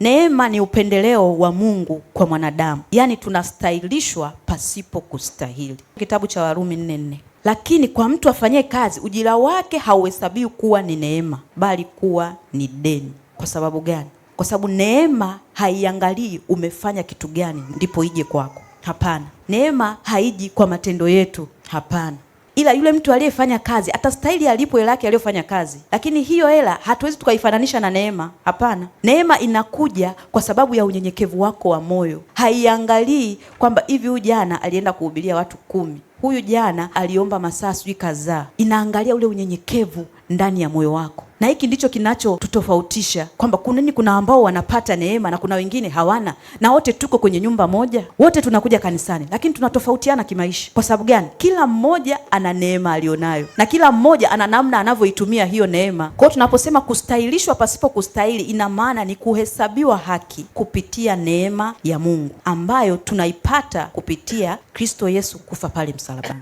Neema ni upendeleo wa Mungu kwa mwanadamu, yaani tunastahilishwa pasipo kustahili, kitabu cha Warumi 4:4. Lakini kwa mtu afanyie kazi, ujira wake hauhesabiwi kuwa ni neema, bali kuwa ni deni. Kwa sababu gani? Kwa sababu neema haiangalii umefanya kitu gani ndipo ije kwako. Hapana, neema haiji kwa matendo yetu. Hapana, ila yule mtu aliyefanya kazi atastahili alipo hela yake aliyofanya kazi, lakini hiyo hela hatuwezi tukaifananisha na neema. Hapana, neema inakuja kwa sababu ya unyenyekevu wako wa moyo. Haiangalii kwamba hivi huyu jana alienda kuhubiria watu kumi, huyu jana aliomba masaa sijui kadhaa. Inaangalia ule unyenyekevu ndani ya moyo wako, na hiki ndicho kinachotutofautisha kwamba kunani, kuna ambao wanapata neema na kuna wengine hawana, na wote tuko kwenye nyumba moja, wote tunakuja kanisani, lakini tunatofautiana kimaisha. Kwa sababu gani? Kila mmoja ana neema aliyonayo na kila mmoja ana namna anavyoitumia hiyo neema. Kwa hiyo tunaposema kustahilishwa pasipo kustahili, ina maana ni kuhesabiwa haki kupitia neema ya Mungu ambayo tunaipata kupitia Kristo Yesu kufa pale msalabani.